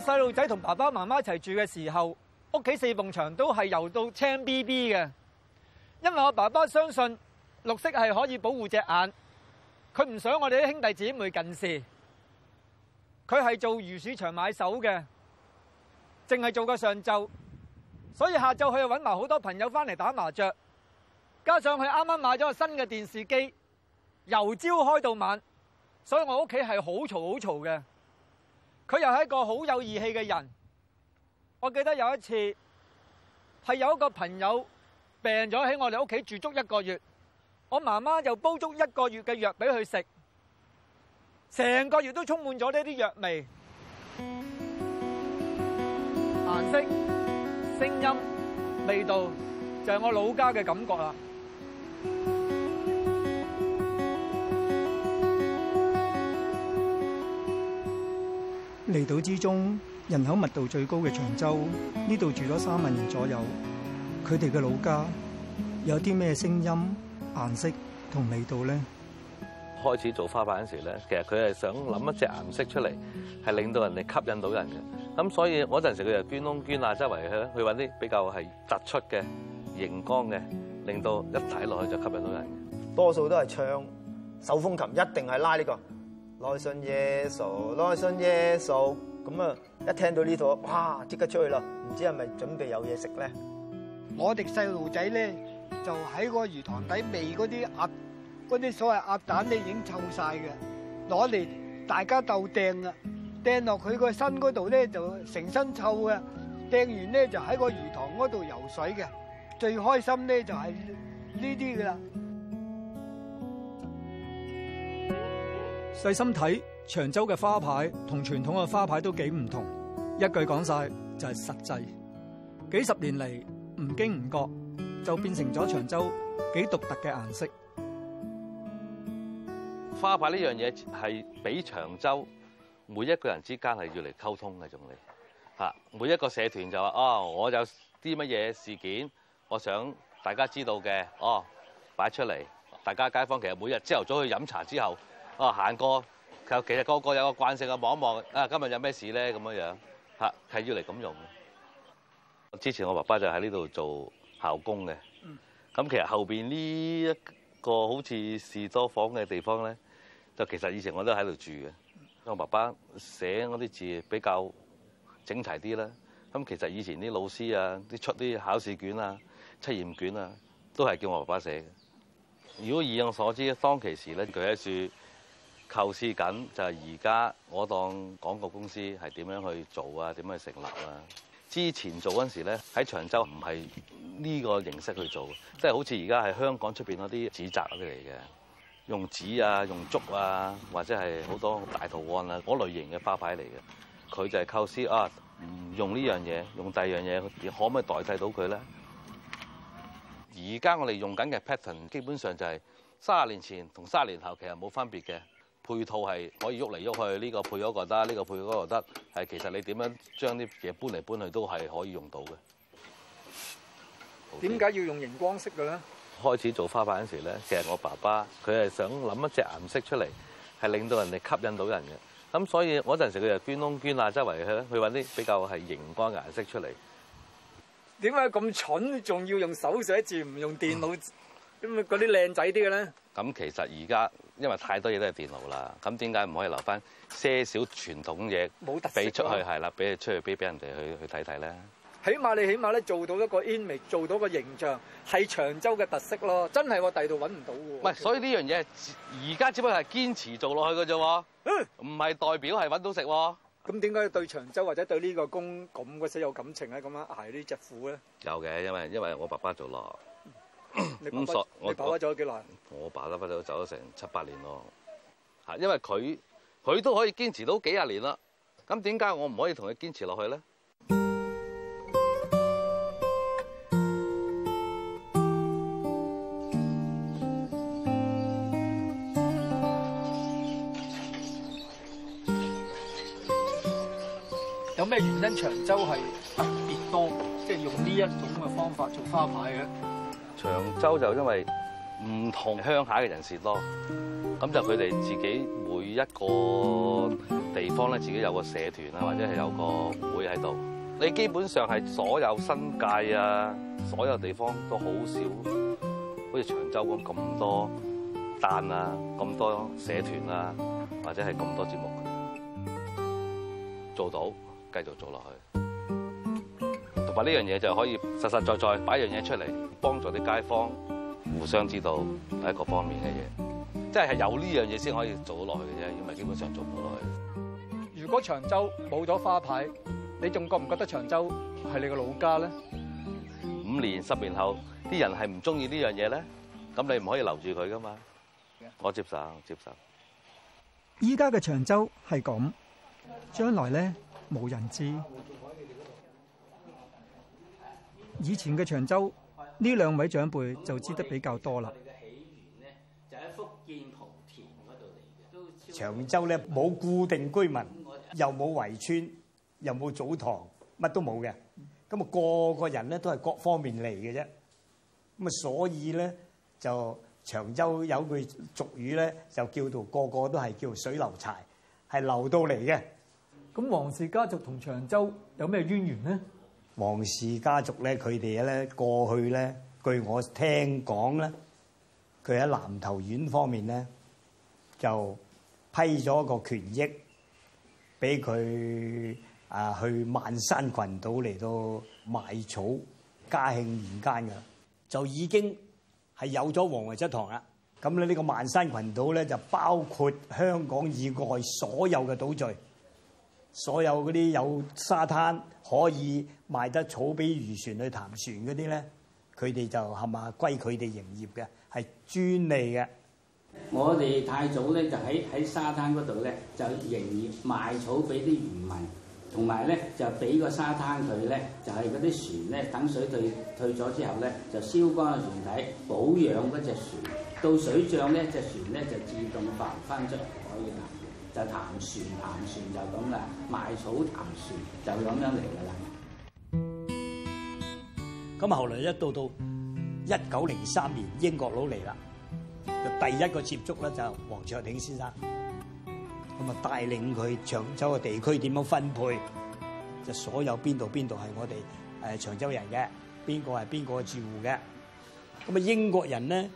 我細路仔同爸爸媽媽一齊住嘅時候，屋企四埲牆都係油到青 B B 嘅，因為我爸爸相信綠色係可以保護隻眼，佢唔想我哋啲兄弟姐妹近視，佢係做魚市場買手嘅，淨係做個上晝，所以下晝佢就搵埋好多朋友翻嚟打麻雀，加上佢啱啱買咗個新嘅電視機，由朝開到晚，所以我屋企係好嘈好嘈嘅。佢又係一個好有義氣嘅人。我記得有一次，係有一個朋友病咗喺我哋屋企住足一個月，我媽媽就煲足一個月嘅藥俾佢食，成個月都充滿咗呢啲藥味、顏色、聲音、味道，就係我老家嘅感覺啦。離島之中人口密度最高嘅長洲，呢度住咗三萬人左右。佢哋嘅老家有啲咩聲音、顏色同味道咧？開始做花牌嗰陣時咧，其實佢係想諗一隻顏色出嚟，係令到人哋吸引到人嘅。咁所以嗰陣時佢就捐窿捐罅，周圍去去搵啲比較係突出嘅、熒光嘅，令到一睇落去就吸引到人的。多數都係唱手風琴，一定係拉呢、呢個。內信耶穌，內信耶穌，咁啊一聽到呢度，哇即刻出去啦！唔知係咪準備有嘢食咧？我哋細路仔咧就喺個魚塘底味嗰啲鴨，嗰啲所謂鴨蛋咧已經臭晒嘅，攞嚟大家鬥掟啊！掟落佢個身嗰度咧就成身臭嘅，掟完咧就喺個魚塘嗰度游水嘅，最開心咧就係呢啲嘅啦。細心睇長洲嘅花牌，同傳統嘅花牌都幾唔同。一句講晒就係實際。幾十年嚟唔經唔覺就變成咗長洲幾獨特嘅顏色。花牌呢樣嘢係俾長洲每一個人之間係要嚟溝通嘅，仲嚟吓每一個社團就話哦，我有啲乜嘢事件，我想大家知道嘅哦擺出嚟，大家街坊其實每日朝頭早去飲茶之後。哦，行、啊、過，其實個個有個慣性嘅望望，啊，今日有咩事咧？咁樣樣，嚇，係要嚟咁用的。之前我爸爸就喺呢度做校工嘅。咁、嗯、其實後邊呢一個好似士多房嘅地方咧，就其實以前我都喺度住嘅。嗯。我爸爸寫嗰啲字比較整齊啲啦。咁其實以前啲老師啊，啲出啲考試卷啊、測驗卷啊，都係叫我爸爸寫嘅。如果以我所知咧，當其時咧，佢喺住。構思緊就係而家，我當廣告公司係點樣去做啊？點樣成立啊？之前做嗰陣時咧，喺長洲唔係呢個形式去做，即係好似而家係香港出邊嗰啲紙紮嗰啲嚟嘅，用紙啊、用竹啊，或者係好多大圖案啊嗰類型嘅花牌嚟嘅。佢就係構思啊，唔用呢樣嘢，用第二樣嘢，可唔可以代替到佢咧？而家我哋用緊嘅 pattern 基本上就係三十年前同三十年後其實冇分別嘅。配套係可以喐嚟喐去，呢個配嗰個得，呢個配嗰個得。係其實你點樣將啲嘢搬嚟搬去都係可以用到嘅。點解要用熒光色嘅咧？開始做花牌嗰陣時咧，其實我爸爸佢係想諗一隻顏色出嚟，係令到人哋吸引到人嘅。咁所以嗰陣時佢就捐窿捐罅周圍去去搵啲比較係熒光顏色出嚟。點解咁蠢，仲要用手寫字唔用電腦？嗯咁嗰啲靚仔啲嘅咧？咁其實而家因為太多嘢都係電腦啦，咁點解唔可以留翻些少傳統嘢俾、啊、出去係啦？俾出去俾俾人哋去去睇睇咧？起碼你起碼咧做到一個 image，做到個形象係長洲嘅特色咯，真係喎，第度揾唔到喎。唔係，所以呢樣嘢而家只不過係堅持做落去嘅啫喎，唔係、嗯、代表係揾到食喎。咁點解對長洲或者對呢個工咁嘅死有感情咧？咁樣捱呢隻苦咧？有嘅，因為因為我爸爸做落。唔使、嗯，我爸爸走咗幾耐？我爸爸分手走咗成七八年咯，嚇！因為佢佢都可以堅持到幾廿年啦。咁點解我唔可以同佢堅持落去咧？有咩原因？長洲係特別多，即係用呢一種嘅方法做花牌嘅。長洲就因為唔同鄉下嘅人士多，咁就佢哋自己每一個地方咧，自己有個社團啊，或者係有個會喺度。你基本上係所有新界啊，所有地方都好少，好似長洲咁咁多蛋啊，咁多社團啊，或者係咁多節目做到，繼續做落去。呢樣嘢就可以實實在在擺樣嘢出嚟，幫助啲街坊互相知道喺各個方面嘅嘢，即係係有呢樣嘢先可以做落去嘅啫，因為基本上做唔到落去。如果長洲冇咗花牌，你仲覺唔覺得長洲係你個老家咧？五年、十年後啲人係唔中意呢樣嘢咧，咁你唔可以留住佢噶嘛？我接受，接受。依家嘅長洲係咁，將來咧冇人知。以前嘅長洲呢兩位長輩就知得比較多啦。嘅起源咧就喺福建莆田嗰度嚟嘅。長洲咧冇固定居民，又冇圍村，又冇祖堂，乜都冇嘅。咁啊個個人咧都係各方面嚟嘅啫。咁啊所以咧就長洲有句俗語咧就叫做個個都係叫水流柴，係流到嚟嘅。咁黃氏家族同長洲有咩淵源咧？王氏家族咧，佢哋咧過去咧，據我聽講咧，佢喺南頭縣方面咧，就批咗個權益俾佢啊去萬山群島嚟到賣草。嘉慶年間嘅就已經係有咗黃為則堂啦。咁咧呢個萬山群島咧就包括香港以外所有嘅島嶼。所有嗰啲有沙灘可以賣得草俾漁船去談船嗰啲咧，佢哋就係咪啊，歸佢哋營業嘅，係專利嘅。我哋太早咧就喺喺沙灘嗰度咧就營業賣草俾啲漁民，同埋咧就俾個沙灘佢咧就係嗰啲船咧等水退退咗之後咧就燒乾個船底，保養嗰隻船。到水漲呢，隻船咧就自動浮翻出海嘅喇。就談船，談船就咁啦，賣草談船就咁樣嚟噶啦。咁後嚟一到到一九零三年，英國佬嚟啦，就第一個接觸咧就係黃卓鼎先生，咁啊帶領佢長洲嘅地區點樣分配，就所有邊度邊度係我哋誒長洲人嘅，邊個係邊個住戶嘅。咁啊英國人咧，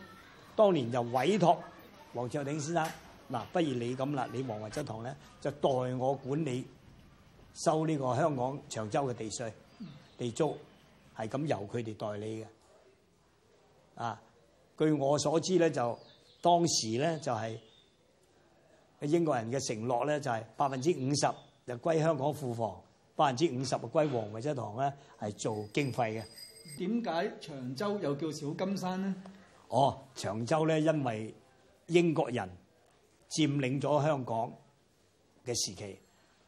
當年就委託黃卓鼎先生。嗱，不如你咁啦，你黃維則堂咧就代我管理收呢個香港長洲嘅地稅地租，係咁由佢哋代理嘅。啊，據我所知咧，就當時咧就係英國人嘅承諾咧，就係百分之五十就歸香港庫房，百分之五十就歸黃維則堂咧係做經費嘅。點解長洲又叫小金山咧？哦，長洲咧，因為英國人。佔領咗香港嘅時期，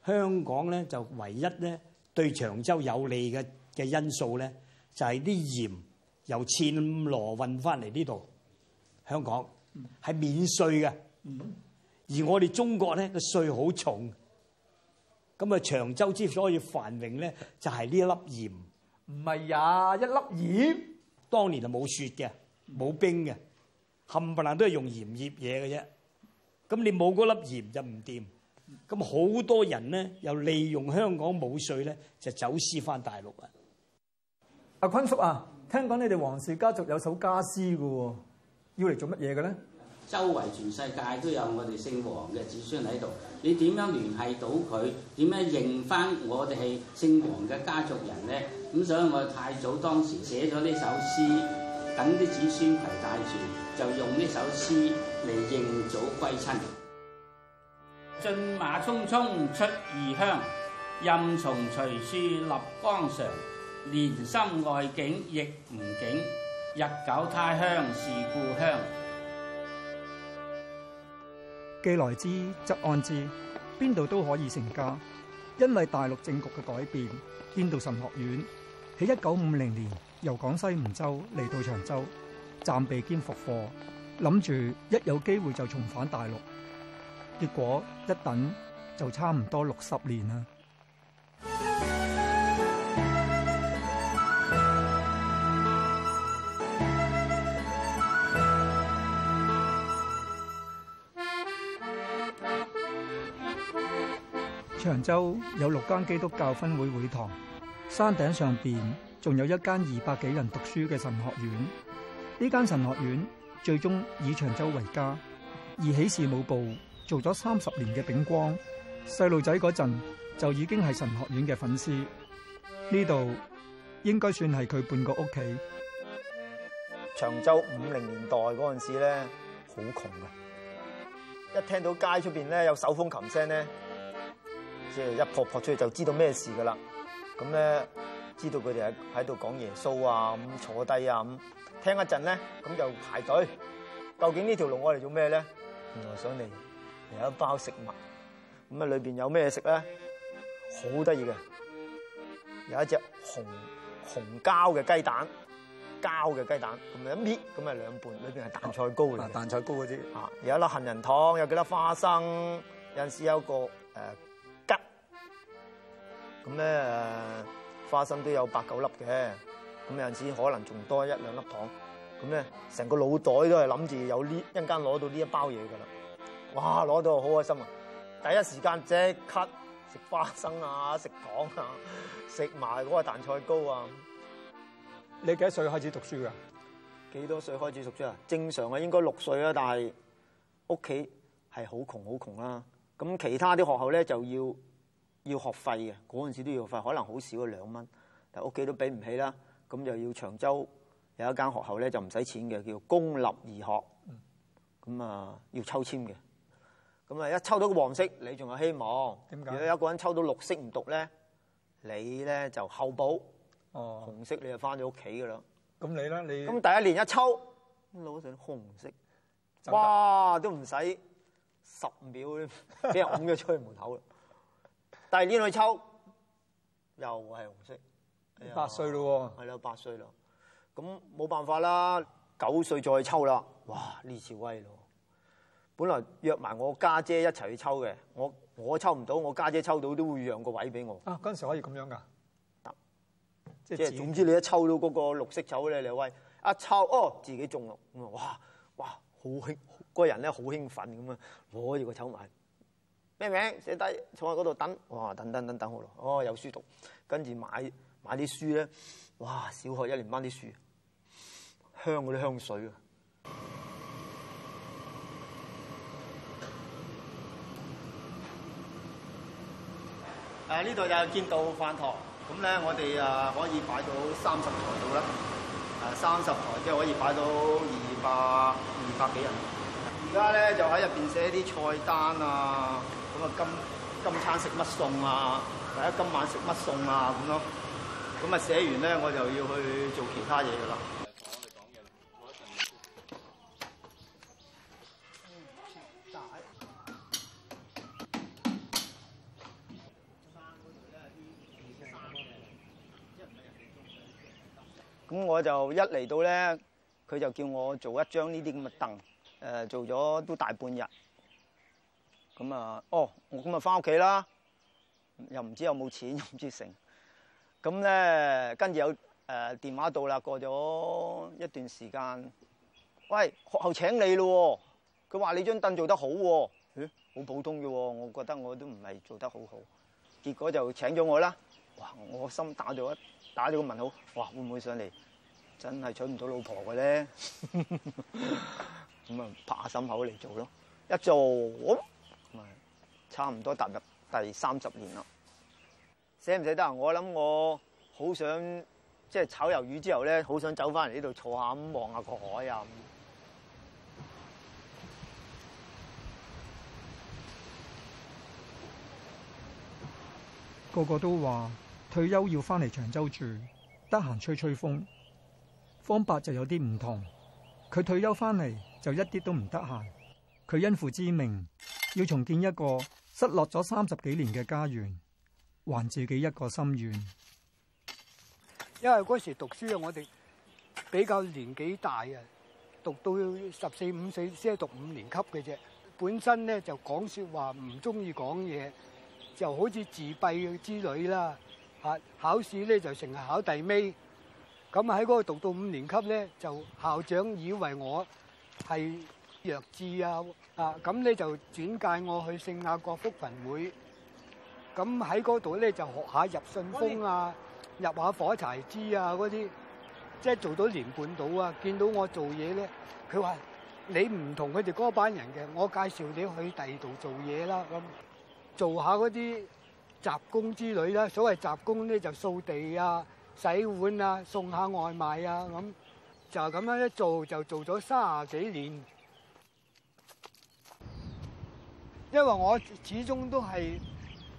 香港咧就唯一咧對長洲有利嘅嘅因素咧，就係啲鹽由暹羅運翻嚟呢度香港係免稅嘅，而我哋中國咧個稅好重，咁啊長洲之所以繁榮咧，就係呢一粒鹽。唔係呀，一粒鹽，當年就冇雪嘅，冇冰嘅，冚唪唥都係用鹽醃嘢嘅啫。咁你冇嗰粒鹽就唔掂，咁好多人咧又利用香港冇稅咧就走私翻大陸啊！阿坤叔啊，聽講你哋黃氏家族有首家詩㗎喎，要嚟做乜嘢嘅咧？周圍全世界都有我哋姓黃嘅子孫喺度，你點樣聯繫到佢？點樣認翻我哋係姓黃嘅家族人咧？咁所以，我太祖當時寫咗呢首詩。等啲子孫攜帶住，就用呢首詩嚟認祖歸親。駿馬匆匆出異鄉，任從隨處立綱常。連心外景亦唔景，日久他鄉是故鄉。既來之則安之，邊度都可以成家。因為大陸政局嘅改變，天道神學院喺一九五零年。由廣西梧州嚟到長洲，暫避兼復課，諗住一有機會就重返大陸。結果一等就差唔多六十年啦。長洲有六間基督教分會會堂，山頂上邊。仲有一間二百幾人讀書嘅神學院，呢間神學院最終以長洲為家。而喜事舞部做咗三十年嘅炳光，細路仔嗰陣就已經係神學院嘅粉絲。呢度應該算係佢半個屋企。長洲五零年代嗰陣時咧，好窮噶，一聽到街出邊咧有手風琴聲咧，即係一撲撲出嚟就知道咩事噶啦。咁咧。知道佢哋喺喺度講耶穌啊，咁坐低啊，咁聽一陣咧，咁就排隊。究竟呢條路我嚟做咩咧？原來想嚟有一包食物，咁啊裏邊有咩食咧？好得意嘅，有一隻紅紅膠嘅雞蛋，膠嘅雞蛋咁咪一搣，咁啊兩半，裏邊係蛋菜糕嚟嘅。蛋菜糕嗰啲啊，有一粒杏仁糖，有幾粒花生，有陣時有個誒、呃、吉，咁咧。呃花生都有八九粒嘅，咁有陣時可能仲多一兩粒糖，咁咧，成個腦袋都係諗住有呢一間攞到呢一包嘢噶啦，哇！攞到好開心啊！第一時間即刻食花生啊，食糖啊，食埋嗰個蛋菜糕啊！你幾多歲開始讀書噶？幾多歲開始讀書啊？正常啊應該六歲啦，但係屋企係好窮好窮啦，咁、啊、其他啲學校咧就要。要學費嘅，嗰陣時都要學費，可能好少嘅兩蚊，但屋企都俾唔起啦。咁就要長洲有一間學校咧就唔使錢嘅，叫公立義學。咁啊、嗯、要抽籤嘅，咁啊一抽到黃色你仲有希望。點解？如果有一個人抽到綠色唔讀咧，你咧就候補。哦。紅色你就翻咗屋企㗎啦。咁你咧？你咁第一年一抽攞成紅色，哇，都唔使十秒俾人㧬咗出去門口啦。 但二年去抽又係紅色，哎、八歲咯喎，係啦八歲啦，咁冇辦法啦，九歲再抽啦，哇呢次威咯！本來約埋我家姐，姐一齊去抽嘅，我我抽唔到，我家姐，姐抽到都會讓個位俾我。啊，嗰陣時可以咁樣噶？得，即係總之你一抽到嗰個綠色酒咧，你威，一抽哦自己中咯，咁啊哇哇好興，個人咧好興奮咁啊，攞住個抽埋。咩名寫低，坐喺嗰度等，哇等等等等，好咯，哦有書讀，跟住買買啲書咧，哇小學一年班啲書，香嗰啲香水啊，誒！呢度又見到飯堂，咁咧我哋誒可以擺到三十台度啦，三十台即係可以擺到二百二百幾人，而家咧就喺入面寫啲菜單啊～咁啊，今今餐食乜餸啊？大家今晚食乜餸啊？咁咯。咁啊，寫完咧，我就要去做其他嘢噶啦。我哋講嘢啦。咁我就一嚟到咧，佢就叫我做一張呢啲咁嘅凳，誒，做咗都大半日。咁啊、嗯，哦，我咁啊翻屋企啦，又唔知有冇錢，又唔知成。咁咧，跟住有誒、呃、電話到啦，過咗一段時間，喂，學校請你咯，佢話你張凳做得好喎，好、欸、普通嘅喎，我覺得我都唔係做得好好，結果就請咗我啦。哇，我心打咗打咗個問號，哇，會唔會上嚟？真係娶唔到老婆嘅咧，咁啊，拍下心口嚟做咯，一做、嗯對差唔多踏入第三十年啦，捨唔捨得啊？我諗我好想即係、就是、炒魷魚之後呢，好想走返嚟呢度坐下咁望下個海啊！個個都話退休要返嚟長洲住，得閒吹吹風。方伯就有啲唔同，佢退休返嚟就一啲都唔得閒。佢因父之名，要重建一個失落咗三十幾年嘅家園，還自己一個心願。因為嗰時讀書啊，我哋比較年紀大啊，讀到十四五歲先係讀五年級嘅啫。本身咧就講說話唔中意講嘢，就好似自閉嘅之類啦。啊，考試咧就成日考第尾。咁喺嗰度讀到五年級咧，就校長以為我係。弱智啊！啊咁咧就轉介我去聖雅各福群會，咁喺嗰度咧就學下入信封啊，入下火柴枝啊，嗰啲即係做到年半到啊。見到我做嘢咧，佢話你唔同佢哋嗰班人嘅，我介紹你去第二度做嘢啦。咁做下嗰啲雜工之類啦，啊，所謂雜工咧就掃地啊、洗碗啊、送下外賣啊咁，就咁樣一做就做咗三十幾年。因為我始終都係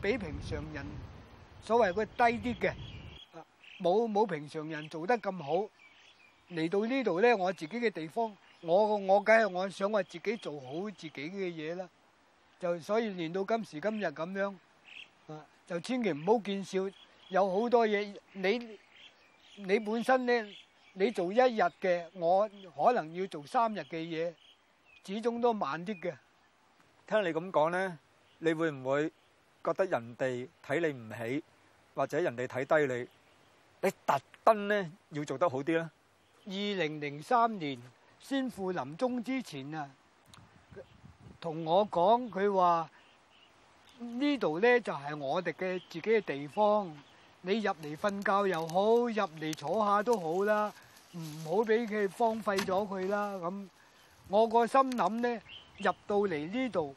比平常人所謂個低啲嘅，冇冇平常人做得咁好。嚟到呢度咧，我自己嘅地方，我我梗係我想我自己做好自己嘅嘢啦。就所以連到今時今日咁樣，就千祈唔好見笑。有好多嘢，你你本身咧，你做一日嘅，我可能要做三日嘅嘢，始終都慢啲嘅。聽你咁講咧，你會唔會覺得人哋睇你唔起，或者人哋睇低你？你特登咧要做得好啲咧？二零零三年先父臨終之前啊，同我講佢話呢度咧就係我哋嘅自己嘅地方，你入嚟瞓覺又好，入嚟坐下都好啦，唔好俾佢荒廢咗佢啦。咁我個心諗咧。入到嚟呢度，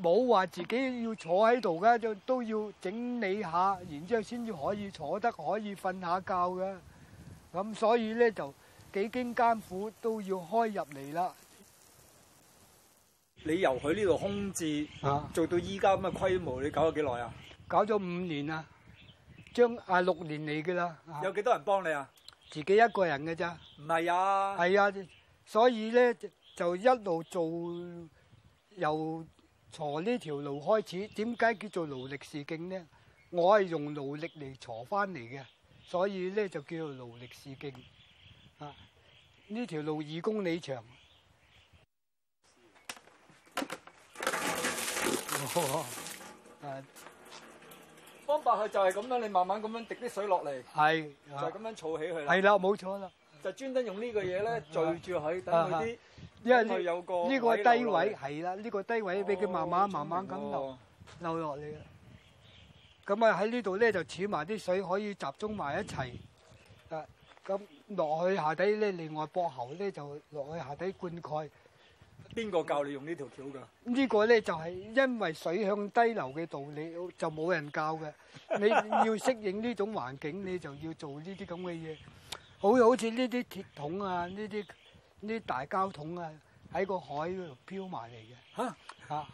冇話自己要坐喺度㗎，就都要整理下，然之後先至可以坐得，可以瞓下覺㗎。咁所以咧就幾經艱苦，都要開入嚟啦。你由佢呢度空置，做到依家咁嘅規模，啊、你搞咗幾耐啊？搞咗五年啊，將啊六年嚟噶啦。有幾多人幫你啊？自己一個人㗎咋？唔係啊。係啊，所以咧。就一路做，由鋤呢條路開始。點解叫做勞力士徑呢？我係用勞力嚟鋤翻嚟嘅，所以咧就叫做勞力士徑。啊，呢條路二公里長。哦，啊，方法係就係咁啦，你慢慢咁樣滴啲水落嚟，係就咁樣儲起佢啦。係啦，冇錯啦。就專登用呢個嘢咧，聚住佢，等佢啲。因為呢個低位係啦，呢、呢個低位俾佢慢慢慢慢咁流落嚟啦。咁啊喺呢度咧就儲埋啲水，可以集中埋一齊。啊，咁落去下底咧，另外駁喉咧就落去下底灌溉。邊個教你用呢條橋㗎？呢個呢個咧就係、係、因為水向低流嘅道理，就冇人教嘅。你要適應呢種環境， 你就要做呢啲咁嘅嘢。好，好似呢啲鐵桶啊，呢啲。呢啲大膠桶啊，喺個海嗰度漂埋嚟嘅嚇，啊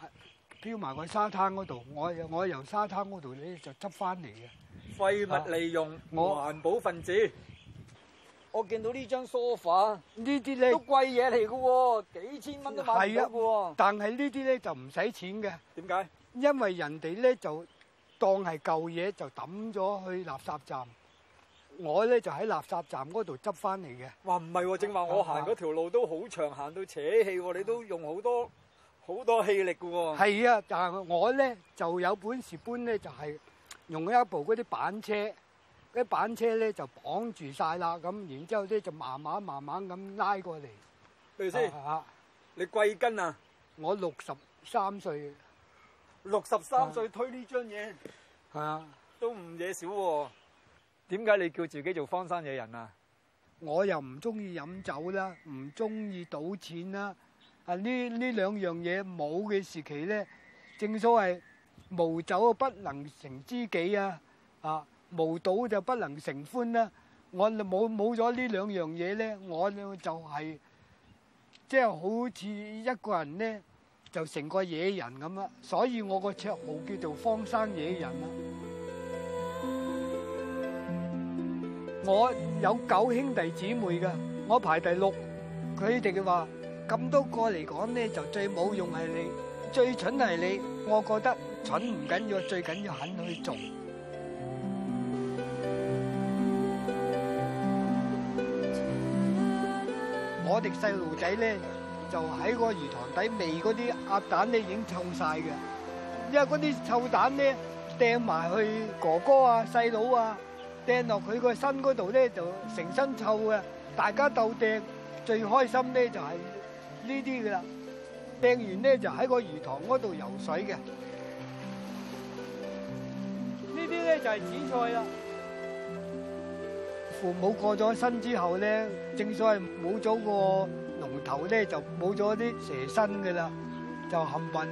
漂埋喺沙灘嗰度，我我由沙灘嗰度咧就執翻嚟嘅。廢物利用，我環保分子。我見到呢張梳化，呢啲咧都貴嘢嚟嘅喎，幾千蚊都買到嘅喎。但係呢啲咧就唔使錢嘅。點解？因為人哋咧就當係舊嘢，就抌咗去垃圾站。我咧就喺垃圾站嗰度執翻嚟嘅。哇，唔係、啊，正話我行嗰條路都好長，行到扯氣，你都用好多好、啊、多氣力嘅喎、啊。係啊，但係我咧就有本事搬咧，就係、是、用一部嗰啲板車，啲板車咧就綁住晒啦，咁然之後咧就慢慢慢慢咁拉過嚟。例如先，啊、你貴庚63啊？我六十三歲，六十三歲推呢張嘢，係啊，都唔惹少喎、啊。點解你叫自己做荒山野人啊？我又唔中意飲酒啦，唔中意賭錢啦。啊，呢呢兩樣嘢冇嘅時期咧，正所謂無酒不能成知己啊，啊，無賭就不能成歡啦。我冇冇咗呢兩樣嘢咧，我就係即係好似一個人咧，就成個野人咁啦。所以我個綽號叫做荒山野人啦。我有九兄弟姊妹噶，我排第六，佢哋話咁多個嚟講咧，就最冇用係你，最蠢係你。我覺得蠢唔緊要，最緊要肯去做。 我哋細路仔咧，就喺個魚塘底味嗰啲鴨蛋咧，已經臭晒嘅，因為嗰啲臭蛋咧掟埋去哥哥啊、細佬啊。掟落佢個身嗰度咧，就成身臭嘅。大家鬥掟最開心咧，就係呢啲噶啦。掟完咧就喺個魚塘嗰度游水嘅。呢啲咧就係紫菜啦。父母過咗身之後咧，正所謂冇咗個龍頭咧，就冇咗啲蛇身噶啦，就冚混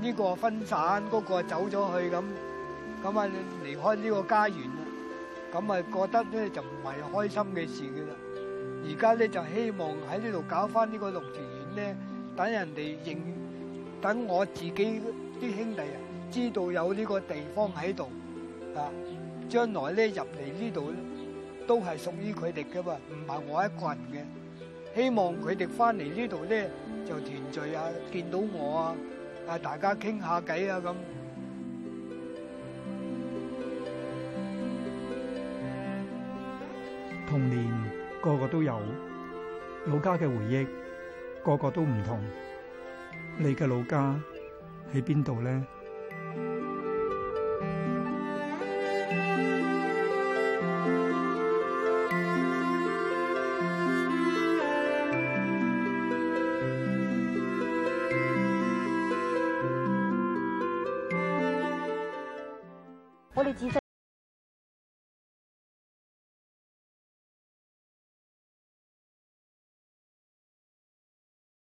呢個分散，嗰個走咗去咁，咁啊離開呢個家園。咁啊，覺得咧就唔係開心嘅事嘅啦。而家咧就希望喺呢度搞翻呢個綠田園咧，等人哋認，等我自己啲兄弟啊知道有呢個地方喺度啊。將來咧入嚟呢度咧，都係屬於佢哋噶噃，唔係我一個人嘅。希望佢哋翻嚟呢度咧就團聚啊，見到我啊，啊大家傾下偈啊咁。童年個個都有，老家嘅回憶，個個都唔同。你嘅老家喺邊度咧？在哪裡呢？